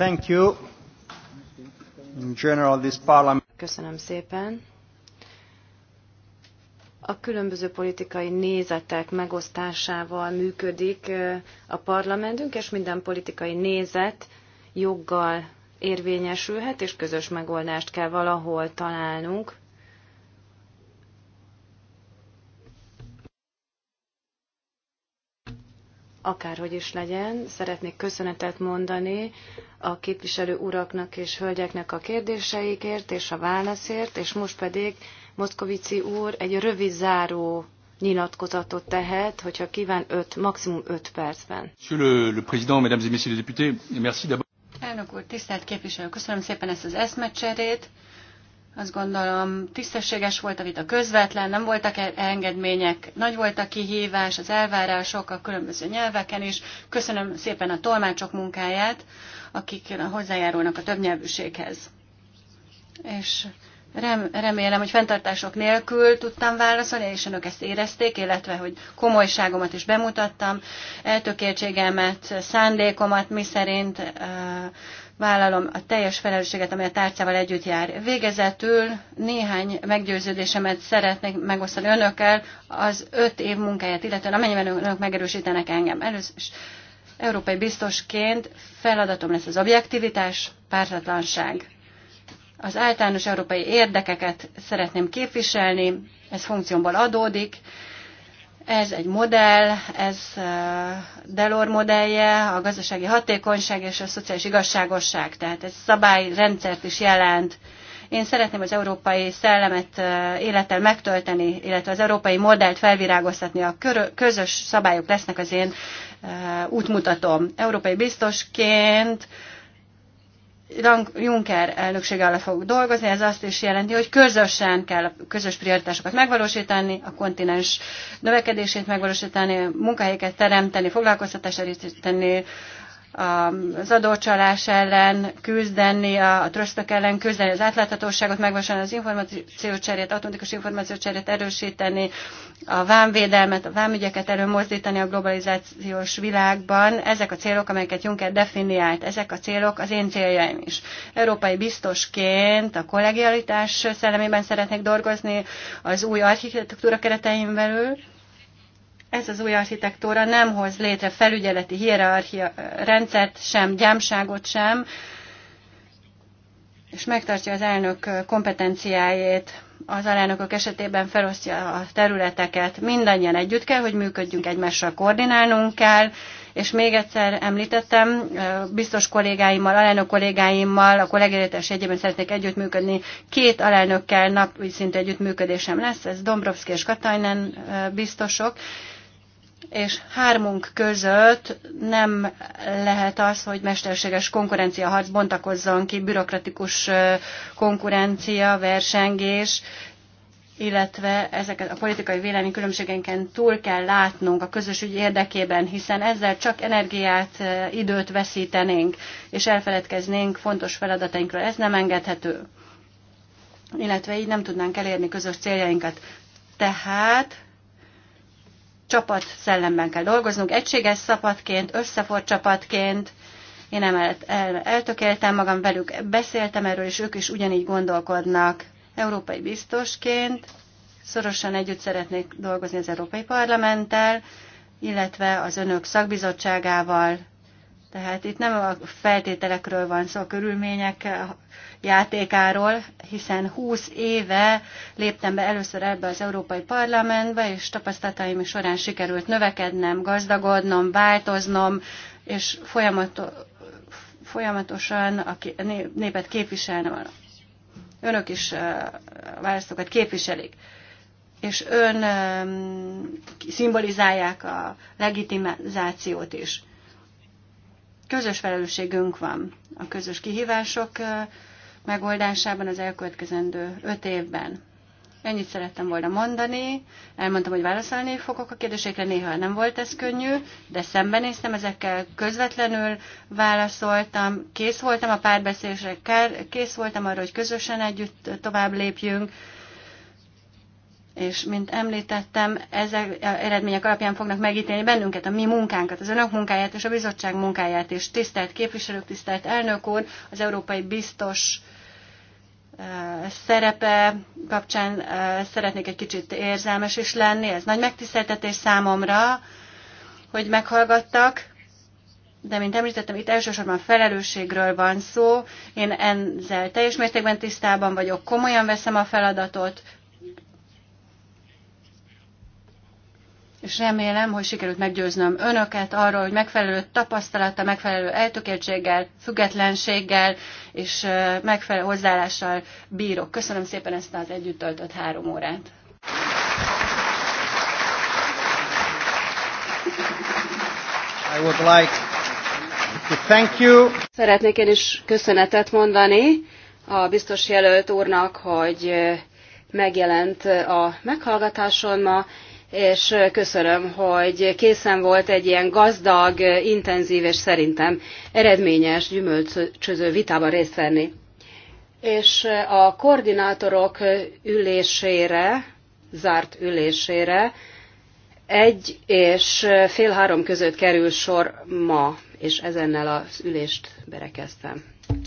Thank you. In general, this parliament... Köszönöm szépen. A különböző politikai nézetek megosztásával működik a parlamentünk, és minden politikai nézet joggal érvényesülhet, és közös megoldást kell valahol találnunk Akárhogy is legyen, szeretnék köszönetet mondani a képviselő uraknak és hölgyeknek a kérdéseikért és a válaszért, és most pedig Moszkovici úr egy rövid záró nyilatkozatot tehet, hogyha kíván 5, maximum 5 percben. Elnök úr, tisztelt képviselő, köszönöm szépen ezt az eszmecserét. Azt gondolom, tisztességes volt a vita közvetlen, nem voltak e- engedmények, nagy volt a kihívás, az elvárások a különböző nyelveken is. Köszönöm szépen a tolmácsok munkáját, akik hozzájárulnak a többnyelvűséghez. És Rem, remélem, hogy fenntartások nélkül tudtam válaszolni, és önök ezt érezték, illetve, hogy komolyságomat is bemutattam, eltökéltségemet, szándékomat, mi szerint uh, vállalom a teljes felelősséget, amely a tárcával együtt jár. Végezetül néhány meggyőződésemet szeretnék megosztani önökkel az öt év munkáját, illetve amennyiben önök megerősítenek engem. Először is európai biztosként feladatom lesz az objektivitás, pártatlanság az általános európai érdekeket szeretném képviselni, ez funkciómból adódik. Ez egy modell, ez Delor modellje, a gazdasági hatékonyság és a szociális igazságosság, tehát ez szabályrendszert is jelent. Én szeretném az európai szellemet élettel megtölteni, illetve az európai modellt felvirágoztatni. A közös szabályok lesznek az én útmutatom. Európai biztosként Juncker elnöksége alatt fogok dolgozni, ez azt is jelenti, hogy közösen kell a közös prioritásokat megvalósítani, a kontinens növekedését megvalósítani, munkahelyeket teremteni, foglalkoztatást erősíteni, az adócsalás ellen küzdeni, a, a trösztök ellen küzdeni, az átláthatóságot megvásárolni, az információcserét, automatikus információcserét erősíteni, a vámvédelmet, a vámügyeket előmozdítani a globalizációs világban. Ezek a célok, amelyeket Juncker definiált, ezek a célok az én céljaim is. Európai biztosként a kollegialitás szellemében szeretnék dolgozni az új architektúra keretein belül, ez az új architektúra nem hoz létre felügyeleti hierarchia rendszert, sem gyámságot sem, és megtartja az elnök kompetenciáját. Az alelnökök esetében felosztja a területeket. Mindannyian együtt kell, hogy működjünk egymással, koordinálnunk kell, és még egyszer említettem, biztos kollégáimmal, alelnök kollégáimmal, a kollégiáltás egyében szeretnék együttműködni. Két alelnökkel napi szintű együttműködésem lesz, ez Dombrovszki és Katajnen biztosok, és hármunk között nem lehet az, hogy mesterséges konkurenciaharc bontakozzon ki, bürokratikus konkurencia, versengés, illetve ezeket a politikai vélemény különbségenken túl kell látnunk a közös ügy érdekében, hiszen ezzel csak energiát, időt veszítenénk, és elfeledkeznénk fontos feladatainkról. Ez nem engedhető. Illetve így nem tudnánk elérni közös céljainkat. Tehát csapat szellemben kell dolgoznunk, egységes csapatként, összefort csapatként. Én emellett el, eltökéltem magam velük, beszéltem erről, és ők is ugyanígy gondolkodnak. Európai biztosként szorosan együtt szeretnék dolgozni az Európai Parlamenttel, illetve az önök szakbizottságával, tehát itt nem a feltételekről van szó, a körülmények eh, játékáról, hiszen 20 éve léptem be először ebbe az Európai Parlamentbe, és tapasztalataim során sikerült növekednem, gazdagodnom, változnom, és folyamatosan a népet képviselnem. Önök is eh, a választókat képviselik és ön um, eh, szimbolizálják a legitimizációt is. Közös felelősségünk van a közös kihívások megoldásában az elkövetkezendő öt évben. Ennyit szerettem volna mondani, elmondtam, hogy válaszolni fogok a kérdésekre, néha nem volt ez könnyű, de szembenéztem ezekkel, közvetlenül válaszoltam, kész voltam a párbeszésre, kész voltam arra, hogy közösen együtt tovább lépjünk, és mint említettem, ezek eredmények alapján fognak megítélni bennünket, a mi munkánkat, az önök munkáját és a bizottság munkáját is. Tisztelt képviselők, tisztelt elnök úr, az európai biztos szerepe kapcsán szeretnék egy kicsit érzelmes is lenni. Ez nagy megtiszteltetés számomra, hogy meghallgattak, de mint említettem, itt elsősorban felelősségről van szó. Én ezzel teljes mértékben tisztában vagyok, komolyan veszem a feladatot, és remélem, hogy sikerült meggyőznöm önöket arról, hogy megfelelő tapasztalata, megfelelő eltökéltséggel, függetlenséggel és megfelelő hozzáállással bírok. Köszönöm szépen ezt az együtt töltött három órát. I would like to thank you. Szeretnék én is köszönetet mondani a biztos jelölt úrnak, hogy megjelent a meghallgatáson ma és köszönöm, hogy készen volt egy ilyen gazdag, intenzív és szerintem eredményes gyümölcsöző vitában részt venni. És a koordinátorok ülésére, zárt ülésére egy és fél három között kerül sor ma, és ezennel az ülést berekeztem.